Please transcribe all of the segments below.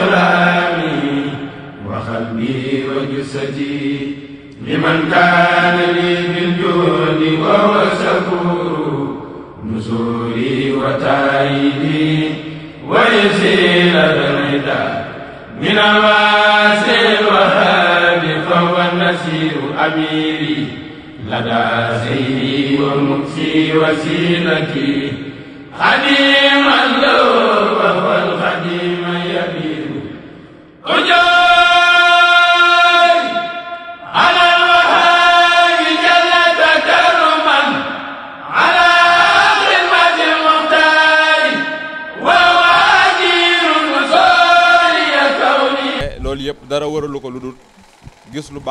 أقلامي وقلبي وجسدي لمن كان لي بالجود وهو شكور نزولي وتايدي ويسيل الردى من الواسع الوهاب فهو النسير أميري لدى سيدي ومكسي وسيلتي خديما له وهو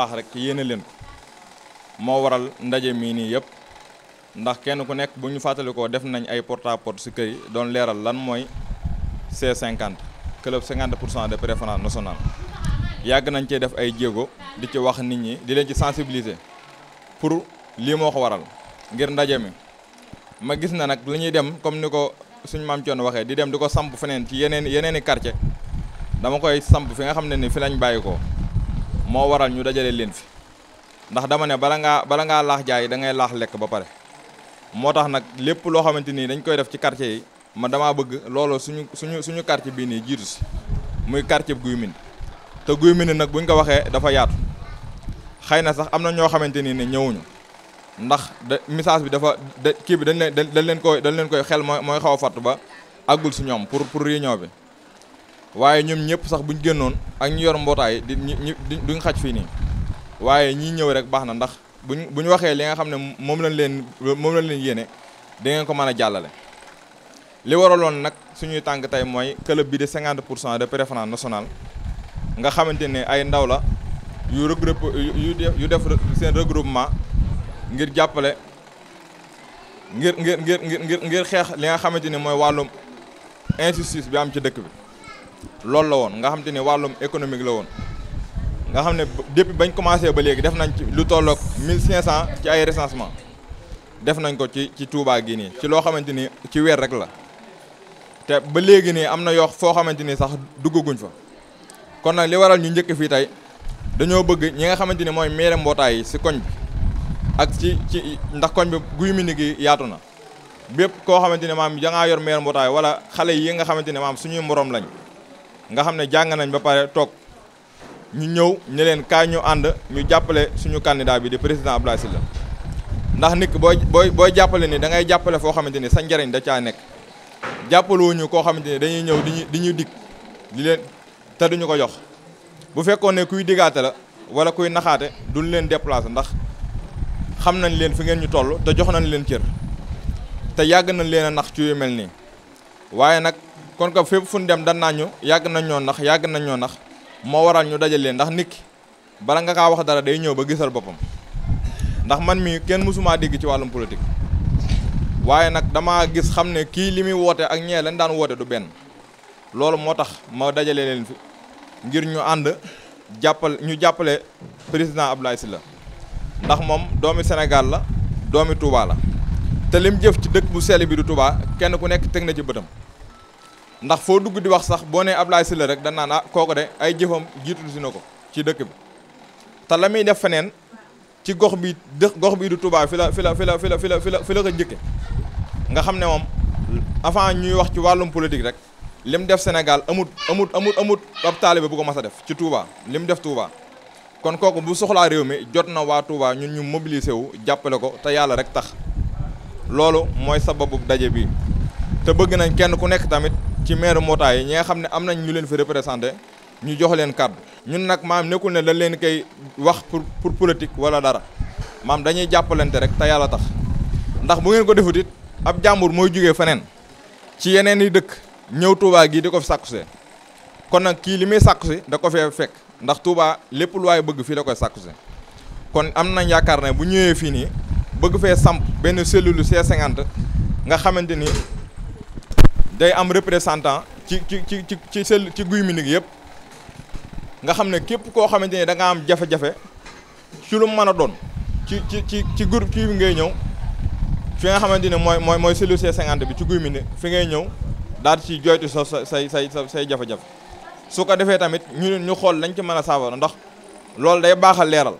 baax rek yéene leen ko moo waral ndaje mii nii yëpp ndax kenn ku nekk bu ñu fàttalikoo def nañ ay porte à porte si kër doon leeral lan mooy C50 club 50 pour cent de préférence nationale yàgg nañ cee def ay jéego di ci wax nit ñi di leen ci sensibiliser pour lii moo ko waral ngir ndaje mi ma gis na nag li ñuy dem comme ni ko suñu maam coon waxee di dem di ko samp feneen ci yeneen yeneen i quartier dama koy samp fi nga xam ne ni fi lañ bàyyi moo waral ñu dajale leen fi ndax dama ne bala ngaa bala ngaa laax jaay da ngay laax lekk ba pare moo tax nag lépp loo xamante nii dañ koy def ci quartier yi man damaa bëgg loolu suñu suñu suñu quartier bii nii jiitu si muy quartier Guy Mbind te Guy Mbind nag buñ ko waxee dafa yaatu xëy na sax am na ñoo xamante nii ne ñëwuñu ndax da message bi dafa da kii bi dañ leen dañ leen koy dañ leen koy xel mooy xaw a fatt ba àggul si ñoom pour pour ñoo bi waaye ñoom ñëpp sax buñ génnoon ak ñu yor mbootaay di ñu duñ xaj fii nii waaye ñii ñëw rek baax na ndax buñ bu ñu waxee li nga xam ne moom lañ leen moom lañ leen yéene da ngeen ko mën a jàllale. li waraloon nag suñuy tànk tey mooy club bi de 50 pour cent de préférence nationale nga xamante ne ay ndaw la yu regroupe yu def seen regroupement ngir jàppale ngir ngir ngir ngir ngir xeex li nga xamante ne mooy wàllum injustice bi am ci dëkk bi. loolu la woon nga xam te ne wàllum économique la woon nga xam ne depuis bañ commencé ba léegi def nañ ci lu tolloog 1500 ci ay recensement def nañ ko ci ci Touba gi nii ci loo xamante ni ci weer rek la te ba léegi nii am na yoo foo xamante ni sax duggaguñ fa kon nag li waral ñu njëkk fii tey dañoo bëgg ñi nga xamante ni mooy meere mbootaay yi si koñ bi ak ci ci ndax koñ bi guy mi gi yaatu na bépp koo xamante ne maam da yor meere mbootaay wala xale yi nga xamante ne maam suñuy morom lañ nga xam ne jàng nañ ba pare toog ñu ñëw ñu leen kaay ñu ànd ñu jàppale suñu candidat bi di président Abdoulaye la ndax nikk booy booy booy jàppale nii da ngay jàppale foo xamante ni sa njëriñ da caa nekk jàppalewuñu koo xamante ni dañuy ñëw diñu di ñuy dikk di leen te duñu ko jox bu fekkoon ne kuy diggaate la wala kuy naxaate duñ leen déplacé ndax xam nañ leen fi ngeen ñu toll te jox nañ leen cër te yàgg nañ leen a nax ci mel nii waaye nag kon ko fépp fu ñu dem dan naa ñu yàgg nañoo ndax yàgg nañoo ndax nax moo waral ñu dajalee ndax nit ki bala nga kaa wax dara day ñëw ba gisal boppam ndax man mi kenn mësumaa dégg ci wàllum politique waaye nag dama gis xam ne kii li muy woote ak ñee lañ daan woote du benn loolu moo tax ma dajale leen fi ngir ñu ànd jàppal ñu jàppale président Abdoulaye la ndax moom doomi Sénégal la doomi Touba la te lim jëf ci dëkk bu sell bi du Touba kenn ku nekk teg na ci bëtam ndax foo dugg di wax sax boo nee Ablaye Sylla rek da naan ah kooku de ay jëfam jiitu si na ko ci dëkk bi te la muy def feneen ci gox bi dë gox bi du Touba fi la fi la fi la fi la fi la fi la ko njëkke nga xam ne moom avant ñuy wax ci wàllum politique rek lim def Sénégal amut amut amut amut ab taalibe bu ko mas a def ci Touba lim def Touba kon kooku bu soxlaa réew mi jot na waa Touba ñun ñu mobiliser wu jàppale ko te yàlla rek tax loolu mooy sababu daje bi te bëgg nañ kenn ku nekk tamit ci maire mbootaay yi ñi nga xam ne am nañ ñu leen fi représenté ñu jox leen kàddu ñun nag maam nekkul ne dañ leen koy wax pour pour politique wala dara maam dañuy jàppalante rek te yàlla tax ndax bu ngeen ko defut it ab jàmbur mooy jugee feneen ci yeneen i dëkk ñëw Touba gii di ko fi sàkku see kon nag kii li muy sàkku si da ko fee fekk ndax Touba lépp lu waay bëgg fii la koy sàkku see kon am nañ yaakaar ne bu ñëwee fii nii bëgg fee samp benn cellule C50 nga xamante ni. day am représentant ci ci ci ci ci sel ci guy Minick yëpp nga xam ne képp koo xamante ne da nga am jafe-jafe ci lu mën a doon ci ci ci ci groupe bi ngay ñëw fi nga xamante ne mooy mooy mooy cellule C50 bi ci guy Minick fi ngay ñëw daal ci joytu soo sa say say say jafe-jafe su ko defee tamit ñu ñu xool lañ ci mën a saafara ndax loolu day baaxal leeral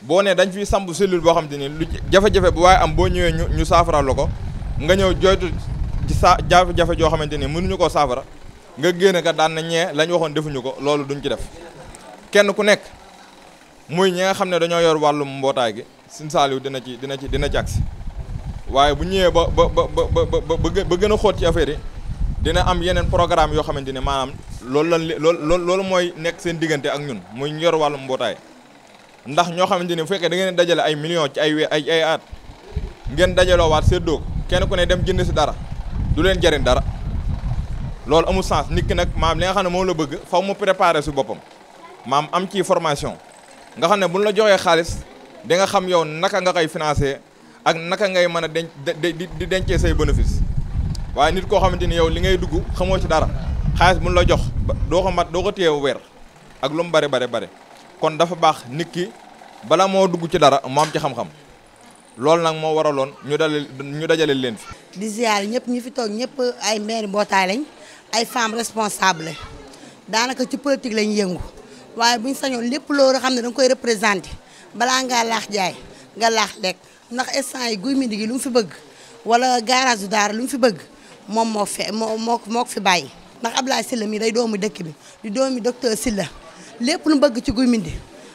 boo nee dañ fiy samp cellule boo xamante ni lu jafe-jafe bu waaye am boo ñëwee ñu ñu saafaraal la ko nga ñëw joytu ci saa jafe-jafe joo xamante ni mënuñu koo saafara nga génn ka daan na ñee la waxoon defuñu ko loolu duñ ci def kenn ku nekk muy ñi nga xam ne dañoo yor wàllum mbootaay gi Sëñ Saaliw dina ci dina ci dina ci agsi waaye bu ñëwee ba ba ba ba ba gën a xoot ci affaire yi dina am yeneen programme yoo xamante ne maanaam loolu lan loolu loolu mooy nekk seen diggante ak ñun muy yor wàllu mbootaay ndax ñoo xamante ni bu fekkee da ngeen dajale ay millions ci ay ay ay at ngeen dajaloo seddoo kenn ku ne dem jënd si dara du leen jariñ dara loolu amul sens nit ki nag maam li nga xam ne moom la bëgg faw mu préparer su boppam maam am ci formation nga xam ne buñ la joxee xaalis di nga xam yow naka nga koy financé ak naka ngay mën a denc di dencee say bénéfice waaye nit koo xamante ni yow li ngay dugg xamoo ci dara xaalis buñ la jox doo ko mat doo ko téye weer ak lu mu bare bare bare kon dafa baax nit ki bala moo dugg ci dara mu am ci xam-xam loolu nag moo waraloon ñu dajale ñu dajale leen fi. di ziar ñëpp ñi fi toog ñëpp ay maire mbootaay lañ ay femmes responsables lañ daanaka ci politique lañ yëngu waaye buñ sañoon lépp loolu xam ne da koy représenté balaa ngaa laax jaay nga laax lekk ndax instant yi guy midi gi lu mu fi bëgg wala garage daar lu mu fi bëgg moom moo fe moo moo moo ko fi bàyyi. ndax Ablaye Sylla mii day doomu dëkk bi di doomi docteur Sylla lépp lu bëgg ci guy midi.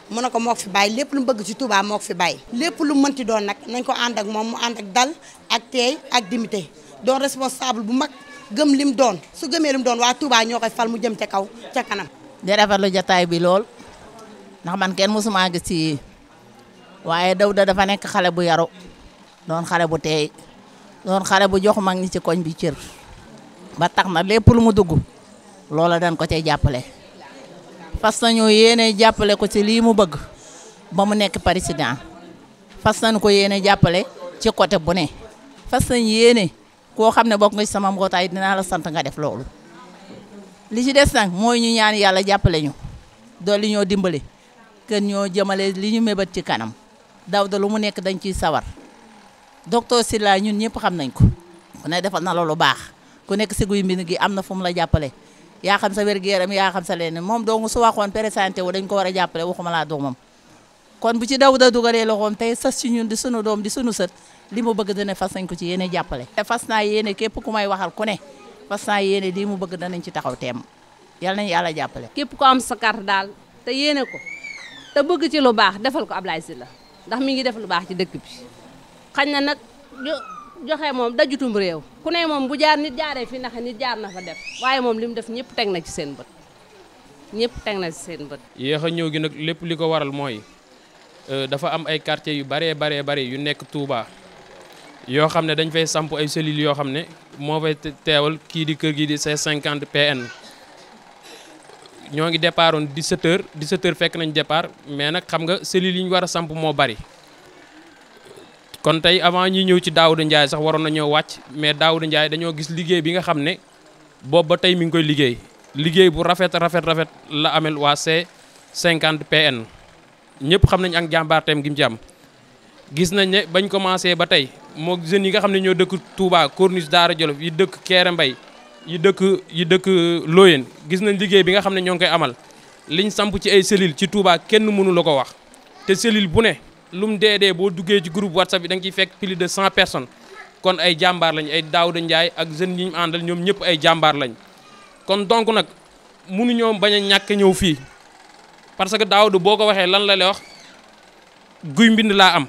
mu ne ko moo fi bàyyi lépp lu mu bëgg ci Touba moo fi bàyyi. lépp lu mënti doon nag nañ ko ànd ak moom mu ànd ak dal ak teey ak dignité doon responsable bu mag gëm lim doon su gëmee lim doon waa Touba ñoo koy fal mu jëm ca kaw ca kanam. di rafetlu jataay bi lool ndax man kenn mosuma gis ci waaye Dawda dafa nekk xale bu yaru doon xale bu teey doon xale bu jox mag ñi ci koñ bi cër ba tax ma lépp lu mu dugg loola dañ ko te jàppale. fas nañu yéene jàppale ko ci lii mu bëgg ba mu nekk président fas nañu ko yéene jàppale ci côté bu ne fas nañ yéene koo xam ne bokk nga ci sama mbootaay dinaa la sant nga def loolu li ci des nag mooy ñu ñaan yàlla jàppale ñu li ñoo dimbale kën ñoo jëmale li ñu mébat ci kanam daw da lu mu nekk dañ ciy sawar docteur Sylla ñun ñëpp xam nañ ko ku ne defal na la lu baax ku nekk si guy mbind gi am na fu mu la jàppale yaa xam yaram yaa xam sa lenn moom su waxoon présenté wu dañ ko war a jàppale waxuma laa doomam kon bu ci daw da loxoom tey sas ci ñun di sunu doom di sunu sët li mu bëgg dana fas nañ ko ci yéene jàppale fas naa yéene képp ku may waxal ku ne fas naa yéene lii mu bëgg danañ ci taxaw teem yal nañu yàlla jàppale képp ku am sa carte daal te yéene ko te bëgg ci lu baax defal ko Ablaye Sylla ndax mi ngi def lu baax ci dëkk bi xañ joxe moom dajutum réew ku ne moom bu jaar nit jaaree fi ndax nit jaar na fa def waaye moom li mu def ñëpp teg na ci seen bët ñëpp teg na ci seen bët. yéex a ñëw gi nag lépp li ko waral mooy euh, dafa am ay quartiers yu baree baree bari yu nekk tuuba yoo xam ne dañ fay samp ay cellules yoo xam ne moo fay teewal kii di kër gi di C50 PN. ñoo ngi départoon di h di h fekk nañ départ mais nag xam nga cellules yi ñu war a samp moo bari. kon tey avant ñuy ñëw ci Daouda Ndiaye sax waroon na ñoo wàcc mais Daouda Ndiaye dañoo gis liggéey bi nga xam ne boobu ba tey mi ngi koy liggéey liggéey bu rafet rafet rafet la amel waa C50PN ñëpp xam nañ ak jàmbaarteem gi mu ci gis nañ ne bañ commencé ba tey moo jeunes yi nga xam ne ñoo dëkk Touba Corniche Daara Jolof yi dëkk Kéré Mbay yi dëkk yi dëkk loyen gis nañ liggéey bi nga xam ne ñoo ngi koy amal liñ samp ci ay cellule ci Touba kenn mënu ko wax te cellule bu ne lu mu dee dee boo duggee ci groupe whatsapp bi da nga fekk plus de cent personnes kon ay jàmbaar lañ ay Daouda Ndiaye ak jeunes yi ñu àndal ñoom ñëpp ay jàmbaar lañ kon donc nag mënuñoo bañ a ñàkk ñëw fii parce que Daouda boo ko waxee lan la lay wax guy mbind laa am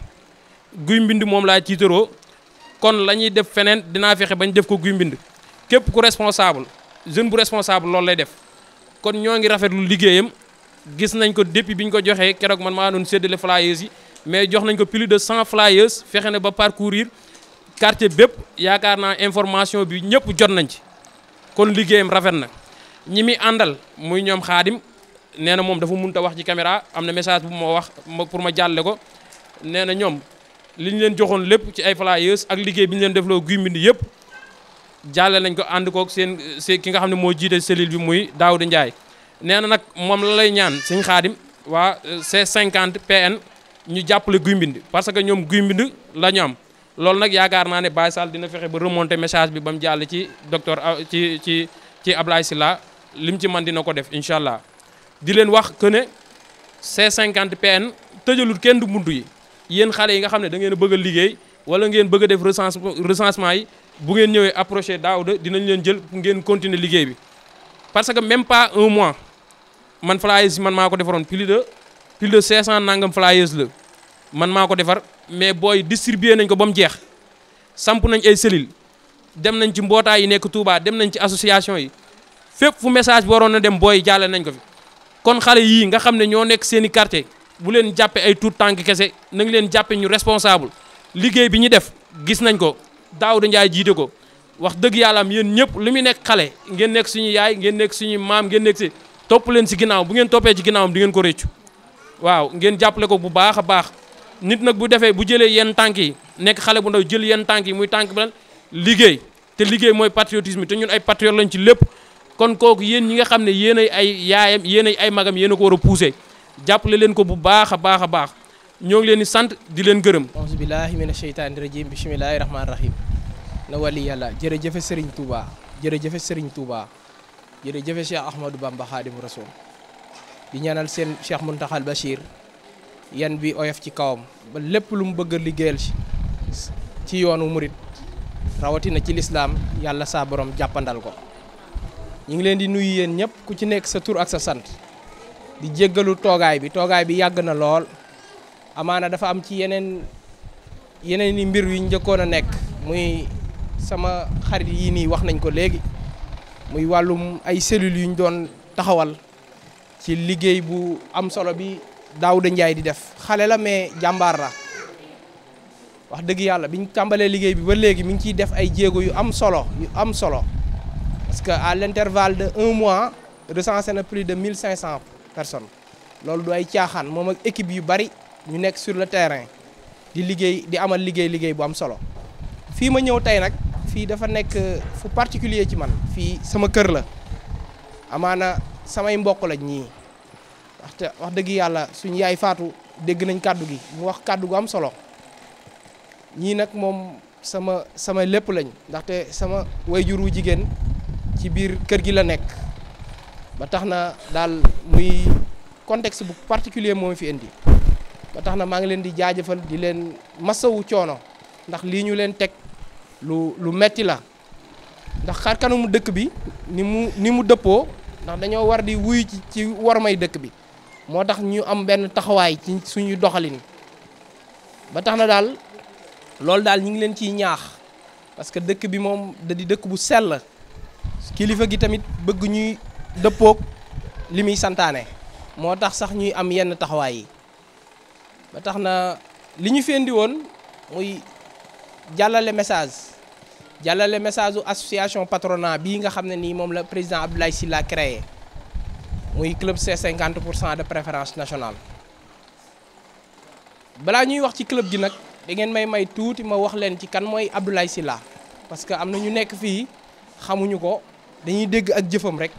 guy mbind moom laa tiitaroo kon lañuy def feneen dinaa fexe bañ def ko guy mbind képp ku responsable jeune bu responsable loolu lay def kon ñoo ngi rafetlu liggéeyam gis nañ ko depuis bi ñu ko joxee keroog man maa doon séddale flyers yi mais jox nañ ko plus de cent flyers fexe na ba parcourir quartier bépp yaakaar naa information bi ñëpp jot nañ ci kon liggéeyam rafet na ñi muy àndal muy ñoom xaadim nee na moom dafa mënut a wax ci caméra am na message bu ma wax pour ma jàlle ko nee na ñoom li ñu leen joxoon lépp ci ay flyers ak liggéey bi ñu leen defloo guy mbind yëpp jàlle nañ ko ànd kook seen seen ki nga xam ne moo jiite cellule bi muy Daouda Ndiaye nee na nag moom la lay ñaan sëñ xaadim waa C50 PN ñu jàppale Guy Mbind parce que ñoom Guy Mbind la ñu am loolu nag yaakaar naa ne Baye Sall dina fexe ba remonter message bi ba mu jàll ci docteur euh, ci ci ci Ablaye Sylla lim ci man dina ko def incha allah di leen wax que ne C50PN tëjalul kenn du buntu yi yéen xale yi nga xam ne da ngeen a bëgg liggéey wala ngeen bëgg a def recense recensement yi bu ngeen ñëwee approché Daouda dinañ leen jël ngeen continuer liggéey bi parce que même pas un mois man flyers yi man maa ko defaroon plus plus de 500 nangam flyers la man maa ko defar mais booy distribuer nañ ko ba mu jeex samp nañ ay cellules dem nañ ci mbootaay yi nekk Touba dem nañ ci association yi fépp fu message bi waroon na dem booy jàlle nañ ko fi kon xale yii nga xam ne ñoo nekk seen i quartier bu leen jàppe ay tuut tànk kese nañ leen jàppe ñu responsable liggéey bi ñu def gis nañ ko daaw Daouda Ndiaye jiite ko wax dëgg yàlla am yéen ñëpp li muy nekk xale ngeen nekk suñu yaay ngeen nekk suñu maam ngeen nekk si topp leen si bu ngeen toppee ci ginnaawam di ngeen waaw ngeen jàppale ko bu baax a baax nit nag bu defee bu jëlee yenn tànk yi nekk xale bu ndaw jël yenn tànk yi muy tànk bi liggéey te liggéey mooy patriotisme te ñun ay patriote lañ ci lépp kon kooku yéen ñi nga xam ne yéen ay ay yaayam yéen ay magam yéen ko war a poussé jàppale leen ko bu baax a baax a baax ñoo leen di sant di leen gërëm aousubillahi mina sheytaani rajim bisimilahi rahmaani rahim na wali yàlla jërëjëfe Serigne Touba jërëjëfe Serigne Touba jërëjëfe Cheikh Ahmadou Bamba Khadimu Rasoul di ñaanal seen Cheikh Mountakhal Bachir yan bi oyof ci kawam ba lépp lu mu bëgg a liggéeyal ci yoonu murit rawatina ci lislaam yàlla saa borom jàppandal ko ñu ngi leen di nuyu yéen ñëpp ku ci nekk sa tur ak sa sant di jéggalu toogaay bi toogaay bi yàgg na lool amaana dafa am ci yeneen yeneen i mbir yu njëkkoon a nekk muy sama xarit yi nii wax nañ ko léegi muy wàllum ay cellules yu ñu doon taxawal ci liggéey bu am solo bi daaw da Ndiaye di def xale la mais jàmbaar la wax dëgg yàlla bi biñ tàmbalee liggéey bi ba léegi mi ngi ciy def ay jéego yu am solo yu am solo parce que à l'intervalle de un mois recensé na plus de 1500 personnes loolu du ay caaxaan moom ak équipe yu bari ñu nekk sur le terrain di liggéey di amal liggéey liggéey bu am solo fii ma ñëw tey nag fii dafa nekk euh, fu particulier ci man fii sama kër la amaana samay mbokk lañ ñii ndaxte wax dëgg yàlla suñu yaay faatu dégg nañ kàddu gi mu wax kàddu gu am solo ñii nag moom sama sama lépp lañ ndaxte sama wayjur wu jigéen ci biir kër gi la nekk ba tax na daal muy contexte bu particulier moo fi indi ba tax na maa ngi leen di jaajëfal di leen masawu coono ndax lii ñu leen teg lu lu metti la ndax xar kanamu dëkk bi ni mu ni mu dëppoo ndax dañoo war di wuyu ci war may dëkk bi moo tax ñu am benn taxawaay ci suñu doxalin ba tax na daal loolu daal ñu ngi leen ciy ñaax parce que dëkk bi moom da di dëkk bu sell kilifa gi tamit bëgg ñuy dëppook li muy santaane moo tax sax ñuy am yenn taxawaay yi ba tax na li ñu fendi woon muy jàllale message jàllale message u association patronat bii nga xam ne nii moom la président Abdoulaye Sylla créé muy club c' cinquante pour cent de préférence nationale balaa ñuy wax ci club ji nag dangeen ngeen may may tuuti ma wax leen ci kan mooy Abdoulaye Sylla parce que am na ñu nekk fii xamuñu ko dañuy dégg ak jëfam rek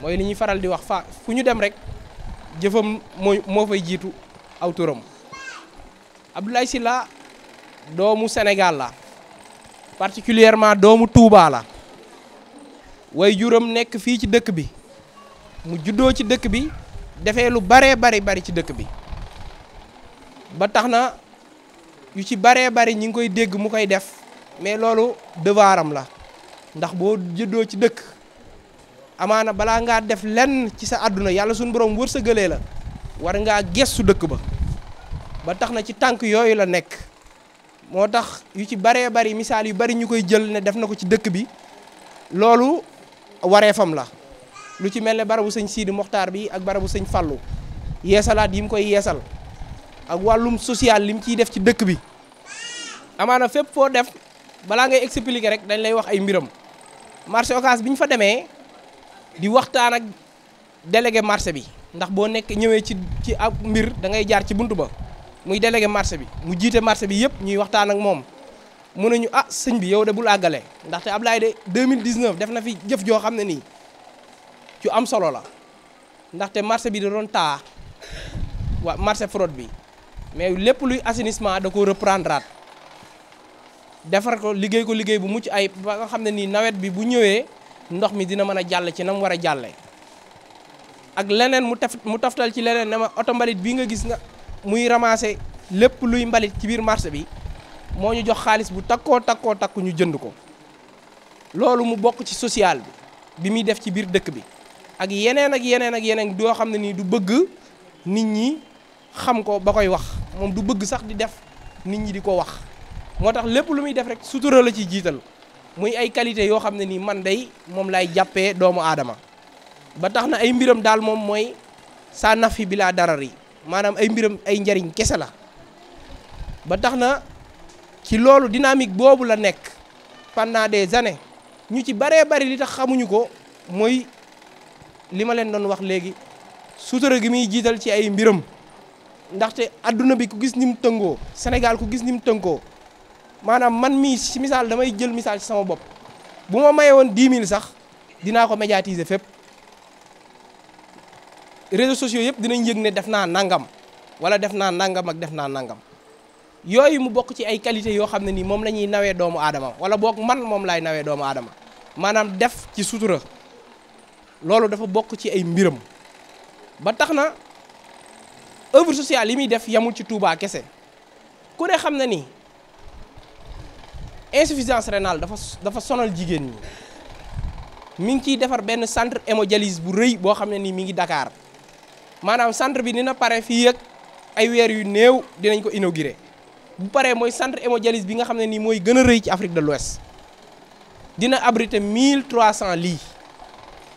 mooy li ñuy faral di wax fa fu ñu dem rek jëfam mooy moo fay jiitu aw turam Abdoulaye Sylla doomu Sénégal la particulièrement doomu Touba la way juram nekk fii ci dëkk bi mu juddoo ci dëkk bi defee lu baree bari bari ci dëkk bi ba tax na yu ci baree bari ñi ngi koy dégg mu koy def mais loolu devoiram la ndax boo juddoo ci dëkk amaana balaa ngaa def lenn ci sa àdduna yàlla suñu borom wërsëgalee la war ngaa gestu dëkk ba ba tax na ci tànk yooyu la nekk moo tax yu ci baree bari misaal yu bari ñu koy jël ne def na ko ci dëkk bi loolu wareefam la lu ci mel ne barabu sëñ Sidi moxtaar bi ak barabu sëñ Fallou yeesalaat yi mu koy yeesal ak wàllum social li mu ciy def ci dëkk bi amaana fépp foo def balaa ngay expliquer rek dañ lay wax ay mbiram marché Ocass bi ñu fa demee di waxtaan ak délégué marché bi ndax boo nekkee ñëwee ci ci ab mbir da ngay jaar ci buntu ba muy délégué marché bi mu jiite marché bi yëpp ñuy waxtaan ak moom mu ne ñu ah sëñ bi yow de bul àggale ndaxte Ablaye de 2019 def na fi jëf joo xam ne nii. ju am solo la ndaxte marché bi da doon taa waa marché fraude bi mais lépp luy assainissement da ko reprendre defar ko liggéey ko liggéey bu mucc ay ba nga xam ne nii nawet bi bu ñëwee ndox mi dina mën a jàll ci nam war a jàlle ak leneen mu taf mu taftal ci leneen ne ma oto mbalit bii nga gis nga muy ramasser lépp luy mbalit ci biir marché bi moo ñu jox xaalis bu takkoo takkoo takku ñu jënd ko loolu mu bokk ci social bi bi muy def ci biir dëkk bi ak yeneen ak yeneen ak yeneen doo xam ne nii du bëgg nit ñi xam ko ba koy wax moom du bëgg sax di def nit ñi di ko wax moo tax lépp lu muy def rek sutura la ci jiital muy ay qualité yoo xam ne nii man day moom lay jàppee doomu aadama ba tax na ay mbiram daal moom mooy saa naf yi bi laa darar maanaam ay mbiram ay njariñ kese la ba tax na ci loolu dynamique boobu la nekk pendant de années ñu ci baree bari li tax xamuñu ko mooy li ma leen doon wax léegi sutura gi muy jiital ci ay mbiram ndaxte adduna bi ku gis ni mu tëngoo Sénégal ku gis ni mu tëngoo maanaam man mii ci misaal damay jël misaal ci sama bopp bu ma maye woon 10 000 sax dinaa ko médiatiser fépp réseaux sociaux yëpp dinañ yëg ne def naa nangam wala def naa nangam ak def naa nangam yooyu mu bokk ci ay qualité yoo xam ne nii moom la ñuy nawee doomu aadama wala boog man moom laay nawee doomu aadama maanaam def ci sutura loolu dafa bokk ci ay mbiram ba tax na œuvre sociale yi muy def yamul ci tuubaa kese ku ne xam na ni insuffisance rénale dafa dafa sonal jigéen ñi mu ngi ciy defar benn centre hémodialyse bu rëy boo xam ne nii mi ngi dakaar maanaam centre bi na pare fii ak ay weer yu néew dinañ ko inauguré bu paree mooy centre hémodialyse bi nga xam ne nii mooy gën a rëy ci Afrique de l'Ouest dina abriter 1300 lits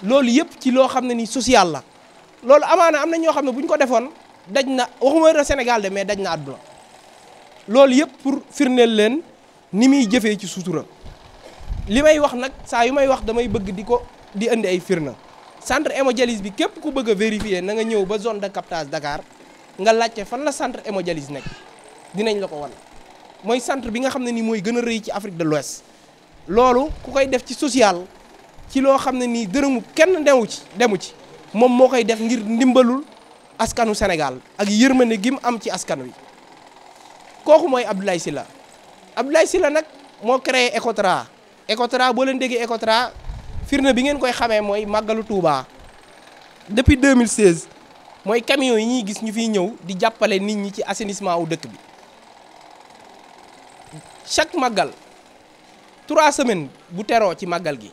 loolu yëpp ci loo xam ne ni social la loolu amaana am na ñoo xam ne bu ñu ko defoon daj na waxuma la Sénégal de mais daj na àdduna loolu yëpp pour firndeel leen ni muy jëfee ci suutura li may wax nag saa yu may wax damay bëgg di ko di indi ay firna centre hémodialyse bi képp ku bëgg a vérifier na nga ñëw ba zone de captage Dakar nga laajte fan la centre hémodialyse nekk dinañ la ko wan mooy centre bi nga xam ne ni mooy gën a rëy ci Afrique de l'Ouest loolu ku koy def ci social ci loo xam ne nii dërëmu kenn demu ci demu ci moom moo koy def ngir ndimbalul askanu senegal ak yërmande gi mu am ci askan wi kooku mooy Abdoulaye Sylla Abdoulaye Sylla nag moo créé Ecotra Ecotra boo leen déggee Ecotra firnde bi ngeen koy xamee mooy màggalu Touba depuis 2016 mooy camion yi ñuy gis ñu fiy ñëw di jàppale nit ñi ci assainissement wu dëkk bi chaque màggal trois semaines bu teroo ci màggal gi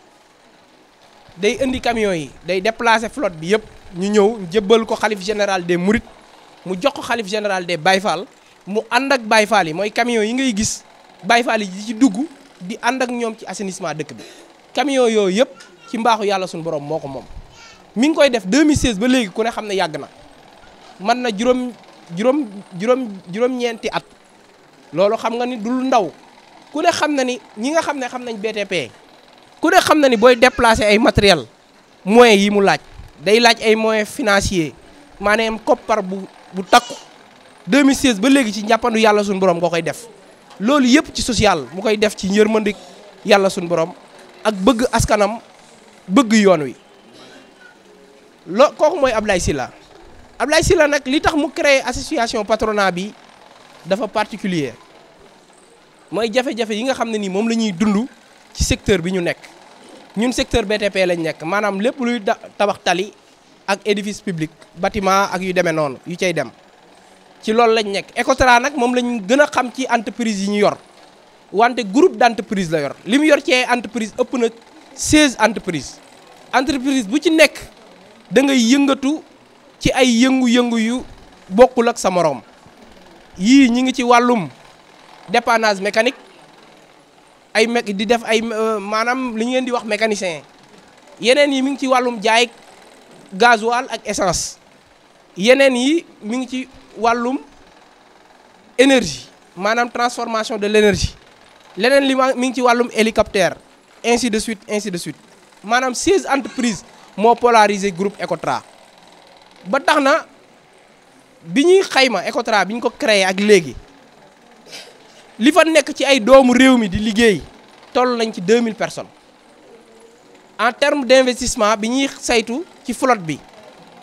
day indi camion yi day déplacer flotte bi yëpp ñu ñëw jëbbal ko xalif général des Mourides mu jox ko xalif général des Baye Fall mu ànd ak Baye Fall yi mooy camion yi ngay gis Baye Fall yi di ci dugg di ànd ak ñoom ci assainissement dëkk bi camion yooyu yëpp ci mbaaxu yàlla suñu borom moo ko moom mi ngi koy def 2016 ba léegi ku ne xam ne yàgg na mën na juróom juróom juróom juróom-ñeenti at loolu xam nga ni du ndaw ku ne xam na ni ñi nga xam ne xam nañ BTP ku ne xam na ni booy déplacer ay matériel moyens yi mu laaj day laaj ay moyens financiers maanaam koppar bu bu takku 2016 ba léegi ci njàppandu yàlla suñu borom nga koy def loolu yëpp ci social mu koy def ci yërmande yàlla suñu borom ak bëgg askanam bëgg yoon wi loo kooku mooy Ablaye Sylla Ablaye Sylla nag li tax mu créer association patronat bi dafa particulier mooy jafe-jafe yi nga xam ne nii moom la ñuy dund ci secteur bi ñu nekk ñun secteur BTP lañ nekk maanaam lépp luy tabax tali ak édifice public bâtiment ak yu demee noonu yu cay dem ci loolu lañ nekk Ecotra nag moom lañ gën a xam ci entreprise yi ñu yor wante groupe d'entreprise la yor li mu yor ci entreprise ëpp nag 16 entreprise entreprise bu ci nekk da ngay yëngatu ci ay yëngu-yëngu yu bokkul ak sa moroom yii ñu ngi ci wàllum dépannage mécanique ay mec di def ay euh, maanaam li leen di wax mécanicien yeneen yi mi ngi ci wàllum jaay gasoil ak essence yeneen yi mi ngi ci wàllum énergie maanaam transformation de l'énergie leneen li mi ngi ci wàllum hélicoptère ainsi de suite ainsi de suite maanaam 16 entreprise moo polarisé groupe Ecotra ba tax na bi ñuy xayma Ecotra bi ñu ko créer ak léegi li fa nekk ci ay doomu réew mi di liggéey toll nañ ci 2000 personnes en terme d'investissement bi ñuy saytu ci flotte bi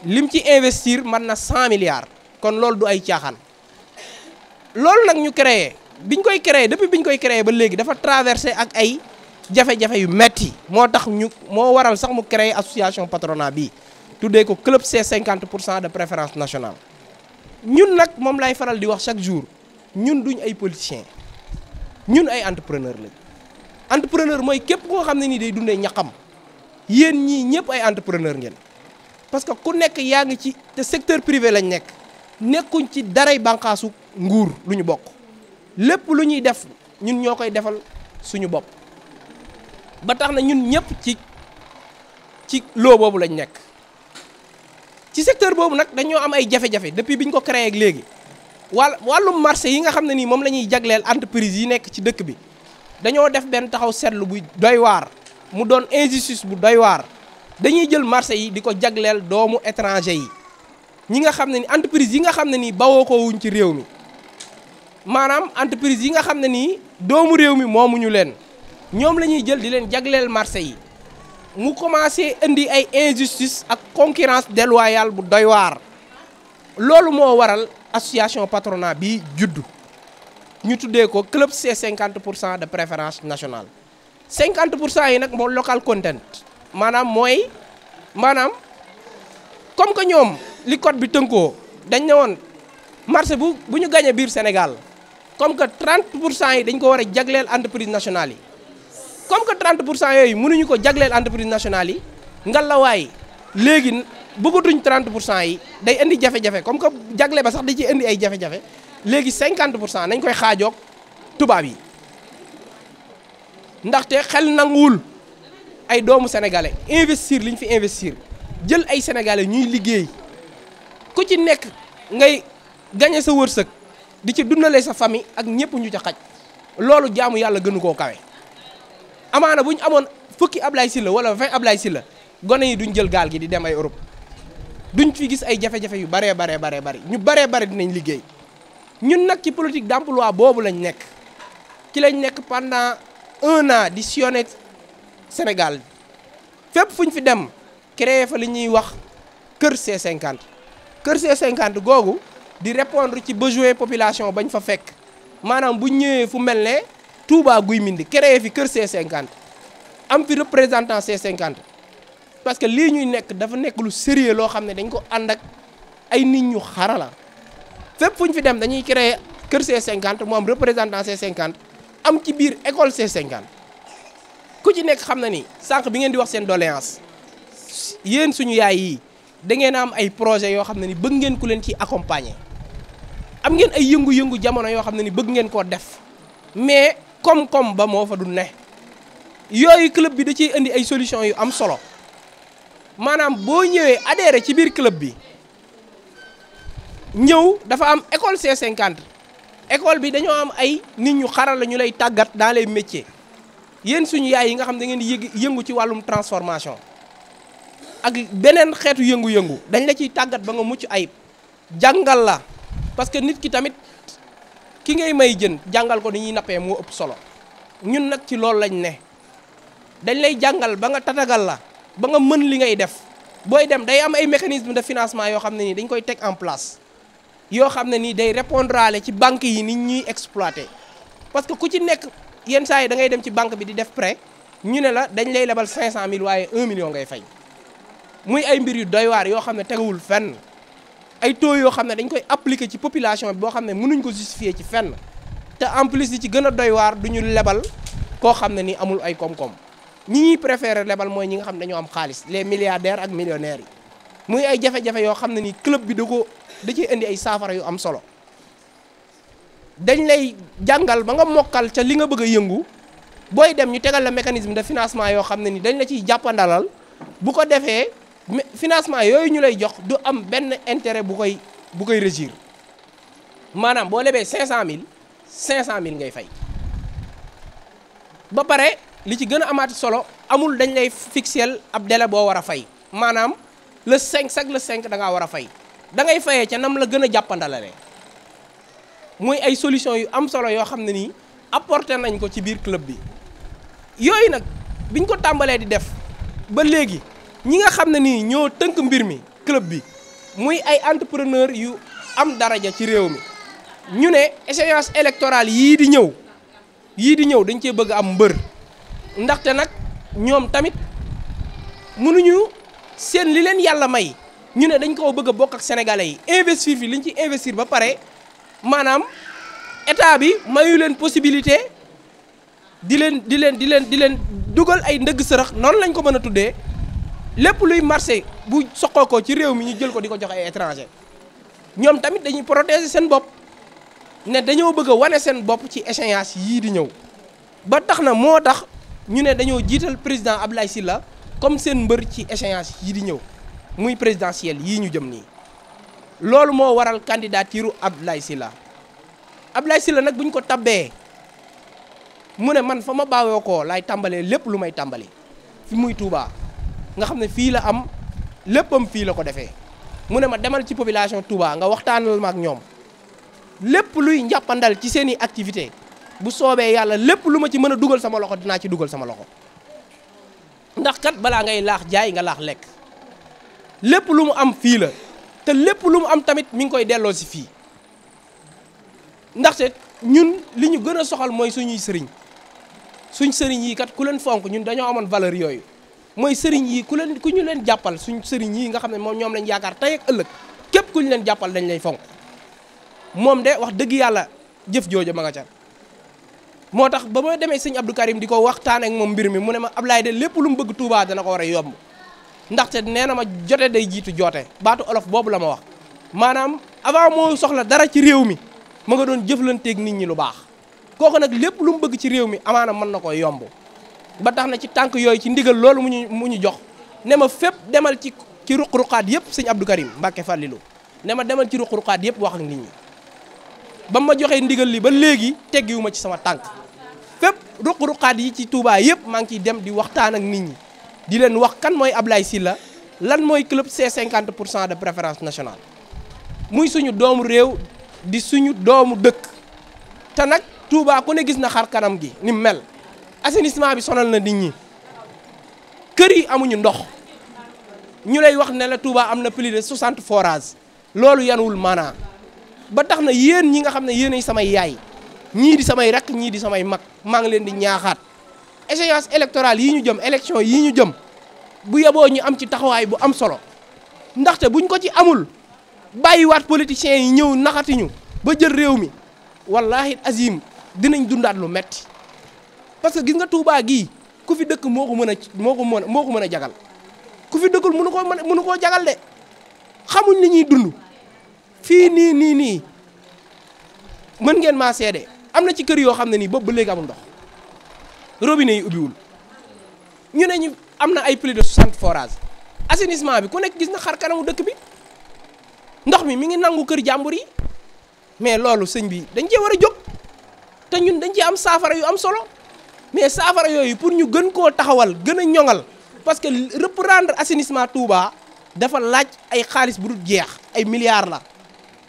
lim ci investir mën na 100 milliards kon loolu du ay caaxaan loolu nag ñu créé biñ koy créé depuis biñ koy créé ba léegi dafa traversé ak ay jafe-jafe yu metti moo tax ñu moo waral sax mu créé association patronat bi tuddee ko club C 50 pour cent de préférence nationale ñun nag moom lay faral di wax chaque jour ñun duñ ay politiciens ñun ay entrepreneur lañ entrepreneur mooy képp koo xam ne nii day dundee ñaqam yéen ñii ñëpp ay entrepreneur ngeen parce que ku nekk yaa ngi ci te secteur privé lañ nekk nekkuñ ci daray banqaasu nguur lu ñu bokk lépp lu ñuy def ñun ñoo koy defal suñu bopp ba tax na ñun ñëpp ci ci loo boobu lañ nekk ci secteur boobu nag dañoo am ay jafe-jafe depuis bi ñu ko créé ak léegi wàll wàllum marché yi nga xam ne nii moom la ñuy jagleel entreprise yi nekk ci dëkk bi dañoo def benn taxaw seetlu bu doy waar mu doon injustice bu doy waar dañuy jël marché yi di ko jagleel doomu étranger yi ñi nga xam ne ni entreprise yi nga xam ne nii bawoo ko wuñ ci réew mi maanaam entreprise yi nga xam ne nii doomu réew mi moomuñu leen ñoom lañuy jël di leen jagleel marché yi mu commencé indi ay injustice ak concurrence déloyale bu doy waar loolu moo waral association patronat bi juddu ñu tuddee ko club c'est 50 pour cent de préférence nationale 50 pour cent yi nag moo local content maanaam mooy maanaam comme que ñoom li bi tënkoo dañ ne woon marché bu bu ñu gagné biir Sénégal comme que 30 pour cent yi dañ ko war a jagleel entreprise nationale yi comme que 30 pour cent yooyu mënuñu ko jagleel entreprise nationale yi ngallaawaay léegi. bëggatuñ trent pour cent yi day indi jafe-jafe comme que jagle ba sax da ci indi ay jafe-jafe léegi 50 pour cent nañ koy xaajoog tubaab yi ndaxte xel nanguwul ay doomu sénégalais investir liñ fi investir jël ay sénégalais ñuy liggéey ku ci nekk ngay gañe sa wërsëg di ci dundale sa famille ak ñëpp ñu ca xaj loolu jaamu yàlla gënu koo kawe amaana bu ñu amoon fukki si la wala vingt Ablaye la gone yi duñ jël gaal gi di dem ay Europe duñ fi gis ay jafe-jafe yu baree baree baree bari ñu baree bare dinañ liggéey ñun nag ci politique d'emploi boobu lañ nekk ci lañ nekk pendant un an di sillonner Sénégal fépp fuñ fi dem créer fa li ñuy wax kër c cinquante kër c cinquante googu di répondre ci besoin population bañ fa fekk maanaam bu ñëwee fu mel ne Touba Guy Mbind créer fi kër c cinquante am fi représentant c cinquante parce que lii ñuy nekk dafa nekk lu sérieux loo xam ne dañ ko ànd ak ay nit ñu xarala fépp fu ñu fi dem dañuy créer kër c cinquante mu am représentant C50 am ci biir école C50 ku ci nekk xam na ni sànq bi ngeen di wax seen doléance yéen suñu yaay yi da ngeen am ay projet yoo xam ne ni bëgg ngeen ku leen ci accompagner am ngeen ay yëngu-yëngu jamono yoo xam ne ni bëgg ngeen koo def mais koom-koom ba moo fa du ne yooyu club bi da ciy indi ay solution yu am solo. maanaam boo ñëwee adhéré ci biir club bi ñëw dafa am école c cinquante école bi dañoo am ay nit ñu xarala ñu lay tàggat dans lay métiers yéen suñu yaay yi nga xam da ngeen di yëngu ci wàllum transformation ak beneen xeetu yëngu-yëngu dañ la ciy tàggat ba nga mucc ayib jàngal la parce que nit ki tamit ki ngay may jën jàngal ko ni ñuy nappee moo ëpp solo ñun nag ci loolu lañ ne dañ lay jàngal ba nga tatagal la. ba nga mën li ngay def booy dem day am ay mécanisme de financement yoo xam ne nii dañ koy teg en place yoo xam ne nii day répondre ci banque yi ni ñuy exploité parce que ku ci nekk yenn saa yi da ngay dem ci banque bi di def prêt ñu ne la dañ lay lebal mille waaye un million ngay fay muy ay mbir yu doy yoo xam ne tegawul fenn ay taux yoo xam ne dañ koy appliquer ci population bi boo xam ne mënuñ ko justifier ci fenn te en plus li ci gën a doy du ñu lebal koo xam ne ni amul ay koom ñi ñuy préféré lebal mooy ñi nga xam ne dañoo am xaalis les milliardaires ak millionnaires yi muy ay jafe-jafe yoo xam ne ni club bi da ko da ciy indi ay saafara yu am solo dañ lay jàngal ba nga mokkal ca li nga bëgg a yëngu booy dem ñu tegal mécanisme de financement yoo xam ne ni dañ la ciy jàppandalal bu ko defee financement yooyu ñu lay jox du am benn intérêt bu koy bu koy régir maanaam boo lebee cent 500000 ngay fay ba pare. li ci gën a amaati solo amul dañ lay fixeel ab délai boo war a fay maanaam le 5 sax le 5 da ngaa war a fay da ngay fayee ca nam la gën a jàppandalale muy ay solution yu am solo yoo xam ne nii apporté nañ ko ci biir club bi yooyu nag biñ ko tàmbalee di def ba léegi ñi nga xam ne nii ñoo tënk mbir mi club bi muy ay entrepreneur yu am daraja ci réew mi ñu ne échéance électorale yii di ñëw yii di ñëw dañ cee bëgg am mbër ndaxte nag ñoom tamit mënuñu seen li leen yàlla may ñu ne dañ koo bëgg a bokk ak sénégalais yi investir fi liñ ci investir ba pare maanaam état bi mayu leen possibilité di leen di leen di leen di leen dugal ay ndëgg sërëx noonu lañ ko mën a tuddee lépp luy marché bu soqoo ko ci réew mi ñu jël ko di ko jox ay étranger ñoom tamit dañuy protéger seen bopp ne dañoo bëgg a wane seen bopp ci échéance yii di ñëw ba tax na moo tax ñu ne dañoo jiital président Abdoulaye Sylla comme seen mbër ci échéance yi di ñëw muy présidentielle yii ñu jëm nii loolu moo waral candidature Abdoulaye Sylla Abdoulaye Sylla nag bu ñu ko tabbee mu ne man fa ma baawoo ko lay tàmbalee lépp lu may tàmbali fi muy Touba nga xam ne fii la am léppam fii la ko defee mu ne ma demal ci population Touba nga waxtaanal ma ak ñoom lépp luy njàppandal ci seeni activité bu soobee yàlla lépp lu ma ci mën a dugal sama loxo dinaa ci dugal sama loxo ndax kat balaa ngay laax jaay nga laax lekk lépp lu mu am fii la te lépp lu mu am tamit mi ngi koy delloo si fii ndax ndaxte ñun li ñu gën a soxal mooy suñuy sëriñ suñ sëriñ yii kat ku leen fonk ñun dañoo amoon valeur yooyu mooy sëriñ yi ku leen ku ñu leen jàppal suñ sëriñ yii nga xam ne moom ñoom lañ yaakaar tey ëllëg képp ku ñu leen jàppal dañ lay fonk moom de wax dëgg yàlla jëf jooju ma moo tax ba ma demee sëñ Abdou Karim di ko waxtaan ak moom mbir mi mu ne ma Ablaye de lépp lu mu bëgg Touba dana ko war a yomb ndaxte nee na ma jote day jiitu joote baatu olof boobu la ma wax maanaam avant moo soxla dara ci réew mi ma nga doon jëflanteeg nit ñi lu baax kooku nag lépp lu mu bëgg ci réew mi amaana mën na ko yomb ba tax na ci tànk yooyu ci ndigal loolu mu ñu mu ñu jox ne ma fépp demal ci ci ruq-ruqaat yëpp sëñ Abdou Karim Mbacke Fallilou ne ma demal ci ruq yëpp wax ak nit ñi ba ma joxee ndigal li ba léegi teggiwu ci sama tànk fépp ruq-ruqaat yi ci tuubaa yëpp maa ngi ciy dem di waxtaan ak nit ñi di leen wax kan mooy Ablaye Sylla lan mooy club C50 pour cent de préférence nationale muy suñu doomu réew di suñu doomu dëkk te nag Touba ku ne gis na xar kanam gi ni mel assainissement bi sonal na nit ñi kër yi amuñu ndox ñu lay wax ne la Touba am na plus de 60 forages loolu yanuwul maanaa ba tax na yéen ñi nga xam ne yéenay samay yaay. ñii di samay rakk ñii di samay mag maa ngi leen di ñaaxaat échéance électorale yi ñu jëm élection yi ñu jëm bu yeboo ñu am ci taxawaay bu am solo ndaxte buñ ko ci amul waat politiciens yi ñëw naxatiñu ba jël réew mi wallahi azim dinañ dundaat lu metti parce que gis nga tuubaa gii ku fi dëkk moo ko mën a moo ko mën moo ko mën a jagal ku fi dëkkul mënu ko mën mënu koo jagal de xamuñ li ñuy dund fii nii nii nii mën ngeen maa seede am na ci kër yoo xam ne nii boobu ba léegi amul ndox robinet yi ubbiwul ñu ne ñu am na ay plus de 60 forage assainissement bi ku nekk gis na xar kanamu dëkk bi ndox mi mi ngi nangu kër jàmbur yi mais loolu sëñ bi dañ cee war a jóg te ñun dañ ci am saafara yu am solo mais safara yooyu pour ñu gën koo taxawal gën a ñoŋal parce que reprendre assainissement Touba dafa laaj ay xaalis bu dul jeex ay milliards la.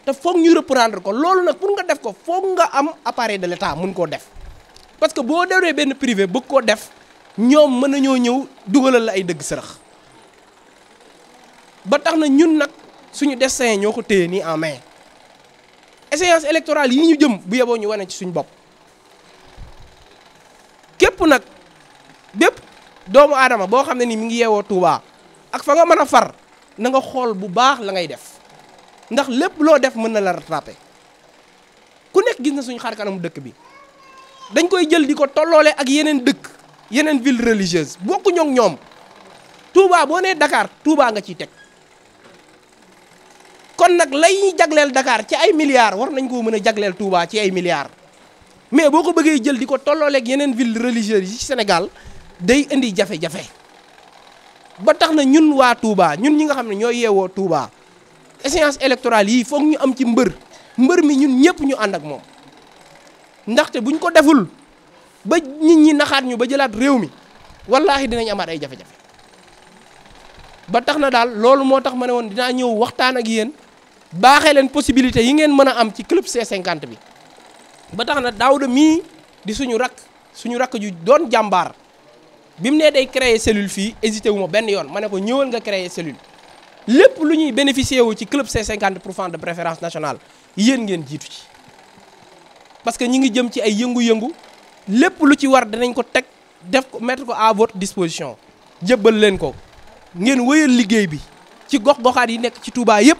te foog ñu reprendre ko loolu nag pour nga def ko foog nga am appareil de letat mun koo def parce que boo dewee benn privé bëgg koo def ñoom mën nañoo ñëw dugalal la ay dëgg sërëx ba tax na ñun nag suñu destin ñoo ko téye nii en mais échéance électorale yi ñu jëm bu yeboo ñu wane ci suñu bopp képp nag bépp doomu aadama boo xam ne nii mu ngi yeewoo Touba ak fa nga mën a far na nga xool bu baax la ngay def ndax lépp loo def mën na la rattraper ku nekk gis na suñu xaar kanamu dëkk bi dañ koy jël di ko tolloole ak yeneen dëkk yeneen ville religieuse bokkuñu ak ñoom Touba boo nee dakaar Touba nga ciy teg kon nag lay ñuy jagleel dakaar ci ay milliards war nañ koo mën a jagleel Touba ci ay milliards mais boo ko bëggee jël di ko tolloolee ak yeneen ville religieuse yi ci Sénégal day indi jafe-jafe ba tax na ñun waa Touba ñun ñi nga xam ne ñooy yeewoo tuubaa échéance électorale yii foog ñu am ci mbër mbër mi ñun ñëpp ñu ànd ak moom ndaxte buñ ko deful ba nit ñi naxaat ñu ba jëlaat réew mi wallaahi dinañ amaat ay jafe-jafe ba tax na daal loolu moo tax ma ne woon dinaa ñëw waxtaan ak yéen baaxee leen possibilité yi ngeen mën a am ci club cinquante bi ba tax na daaw Daouda mii di suñu rakk suñu rakk ju doon jàmbaar bi mu nee dey créer cellule fii hésité wu benn yoon ma ne ko ñëwal nga créer cellule lépp lu ñuy bénéficier wu ci club c'est 50 pour cent de préférence nationale yéen ngeen jiitu ci parce que ñi ngi jëm ci ay yëngu-yëngu lépp lu ci war danañ ko teg def ko mettre ko à votre disposition jébbal leen ko ngeen wëyal liggéey bi ci gox-goxaat yi nekk ci Touba yépp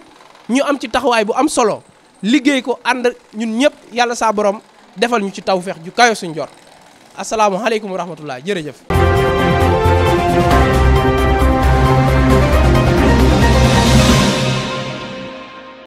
ñu am ci taxawaay bu am solo liggéey ko ànd ñun ñépp yàlla saa borom defal ñu ci tawfeex ju kayo suñ jor asalaamaaleykum wa rahmatullah jërëjëf